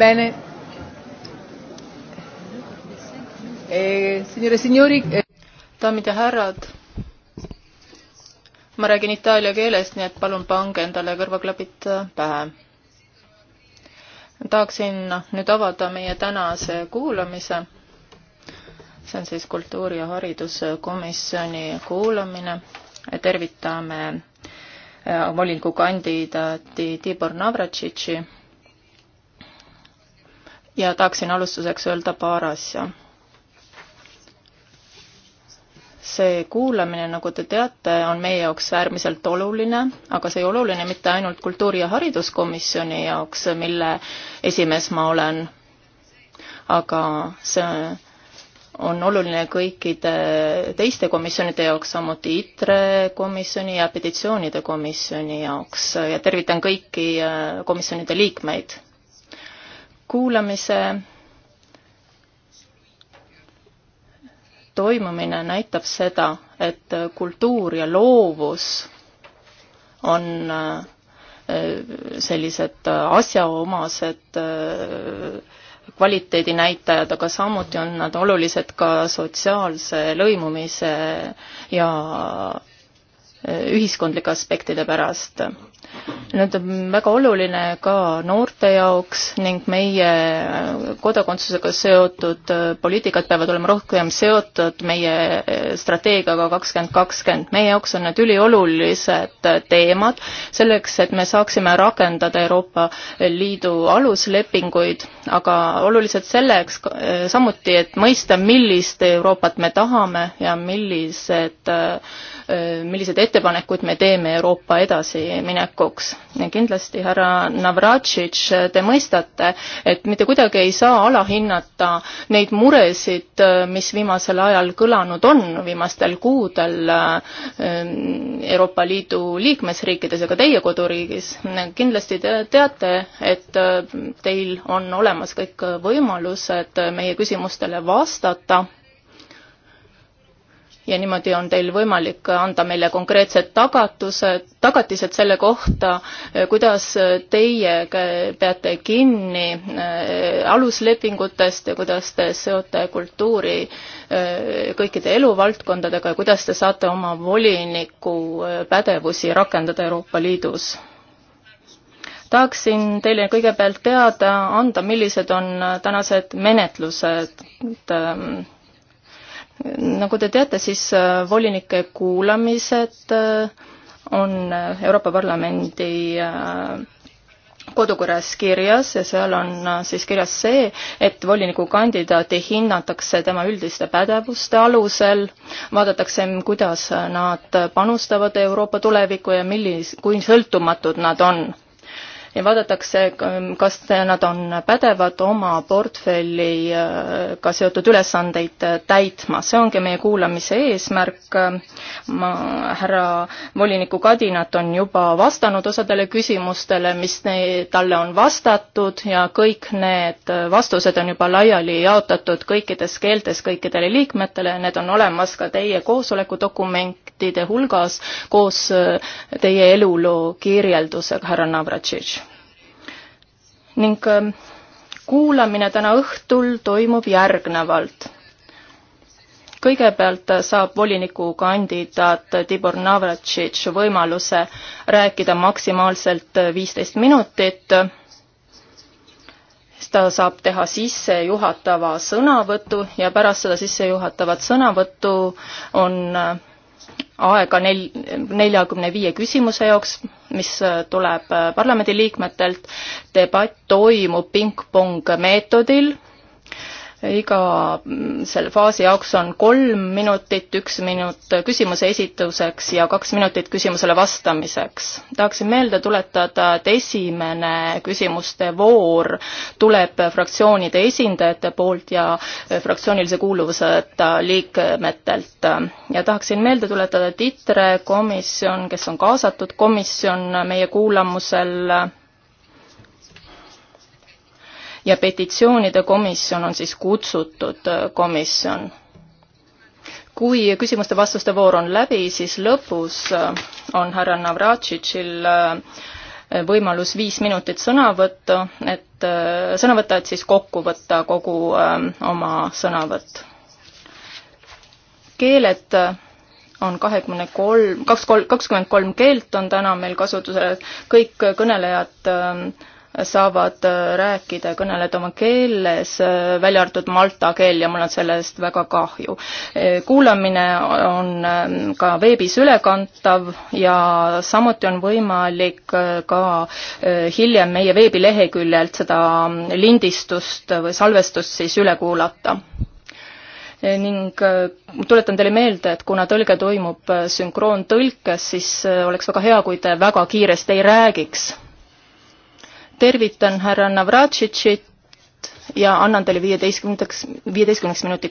Bene. Eh, signore e signori. Eh... daamid ja härrad. ma räägin itaalia keeles, nii et palun pange endale kõrvaklapid pähe. tahaksin nüüd avada meie tänase kuulamise. see on siis kultuuri- ja hariduskomisjoni kuulamine. tervitame eh, volinikukandidaati Tibor Navratšitši ja tahaksin alustuseks öelda paar asja. see kuulamine, nagu te teate, on meie jaoks äärmiselt oluline, aga see ei oluline mitte ainult Kultuuri- ja Hariduskomisjoni jaoks, mille esimees ma olen, aga see on oluline kõikide teiste komisjonide jaoks, samuti ITRE komisjoni ja petitsioonide komisjoni jaoks ja tervitan kõiki äh, komisjonide liikmeid kuulamise toimumine näitab seda, et kultuur ja loovus on äh, sellised asjaomased äh, kvaliteedinäitajad, aga samuti on nad olulised ka sotsiaalse lõimumise ja ühiskondlike aspektide pärast. Need on väga oluline ka noorte jaoks ning meie kodakondsusega seotud poliitikad peavad olema rohkem seotud meie strateegiaga kakskümmend kakskümmend. meie jaoks on need üliolulised teemad selleks, et me saaksime rakendada Euroopa Liidu aluslepinguid, aga olulised selleks samuti, et mõista, millist Euroopat me tahame ja millised, millised ettepanekuid me teeme Euroopa edasiminekuks. kindlasti, härra Navratšitš, te mõistate, et mitte kuidagi ei saa alahinnata neid muresid, mis viimasel ajal kõlanud on, viimastel kuudel ehm, Euroopa Liidu liikmesriikides ja ka teie koduriigis. kindlasti te teate, et teil on olemas kõik võimalused meie küsimustele vastata ja niimoodi on teil võimalik anda meile konkreetsed tagatused, tagatised selle kohta, kuidas teie peate kinni äh, aluslepingutest ja kuidas te seote kultuuri äh, kõikide eluvaldkondadega ja kuidas te saate oma voliniku äh, pädevusi rakendada Euroopa Liidus? tahaksin teile kõigepealt teada anda, millised on tänased menetlused ähm, nagu te teate, siis äh, volinike kuulamised äh, on Euroopa Parlamendi äh, kodukorras kirjas ja seal on siis kirjas see, et volinikukandidaati hinnatakse tema üldiste pädevuste alusel, vaadatakse, kuidas nad panustavad Euroopa tulevikku ja millis-, kui sõltumatud nad on ja vaadatakse, kas nad on pädevad oma portfelliga äh, seotud ülesandeid äh, täitma. see ongi meie kuulamise eesmärk. ma, härra voliniku Kadinat on juba vastanud osadele küsimustele, mis ne, talle on vastatud ja kõik need äh, vastused on juba laiali jaotatud kõikides keeltes kõikidele liikmetele, need on olemas ka teie koosolekudokument, ekspertide hulgas koos eh, teie eluloo kirjeldusega, härra Navratšitš. ning eh, kuulamine täna õhtul toimub järgnevalt kõigepealt saab volinikukandidaat Tibor Navratšitš võimaluse rääkida maksimaalselt viisteist minutit. ta saab teha sissejuhatava sõnavõtu ja pärast seda sissejuhatavat sõnavõttu on aega nel-, neljakümne viie küsimuse jaoks, mis äh, tuleb äh, parlamendiliikmetelt. debatt toimub pingpong meetodil iga mm, selle faasi jaoks on kolm minutit, üks minut küsimuse esituseks ja kaks minutit küsimusele vastamiseks. tahaksin meelde tuletada, et esimene küsimuste voor tuleb fraktsioonide esindajate poolt ja fraktsioonilise kuuluvuseta liikmetelt. ja tahaksin meelde tuletada, et ITRE komisjon, kes on kaasatud komisjon meie kuulamusel, ja petitsioonide komisjon on siis kutsutud äh, komisjon. kui küsimuste-vastuste voor on läbi, siis lõpus äh, on härra Navratšitšil äh, võimalus viis minutit sõna võtta, et sõna võtta, et siis kokku võtta kogu oma sõnavõtt. keeled on kahekümne kolm, kaks, kakskümmend kolm keelt on täna meil kasutusel, kõik kõnelejad äh, saavad äh, rääkida ja kõneleda oma keeles, äh, välja arvatud malta keel ja mul on selle eest väga kahju. Äh, kuulamine on ähm, ka veebis ülekantav ja samuti on võimalik ka hiljem meie veebileheküljelt seda mm, lindistust või salvestust siis üle kuulata ning tuletan teile meelde, et kuna tõlge toimub sünkroontõlkes, siis oleks väga hea, kui te väga kiiresti ei räägiks tervitan härra Navratšitšit ja annan teile viieteistkümnendaks, viieteistkümneks minutiks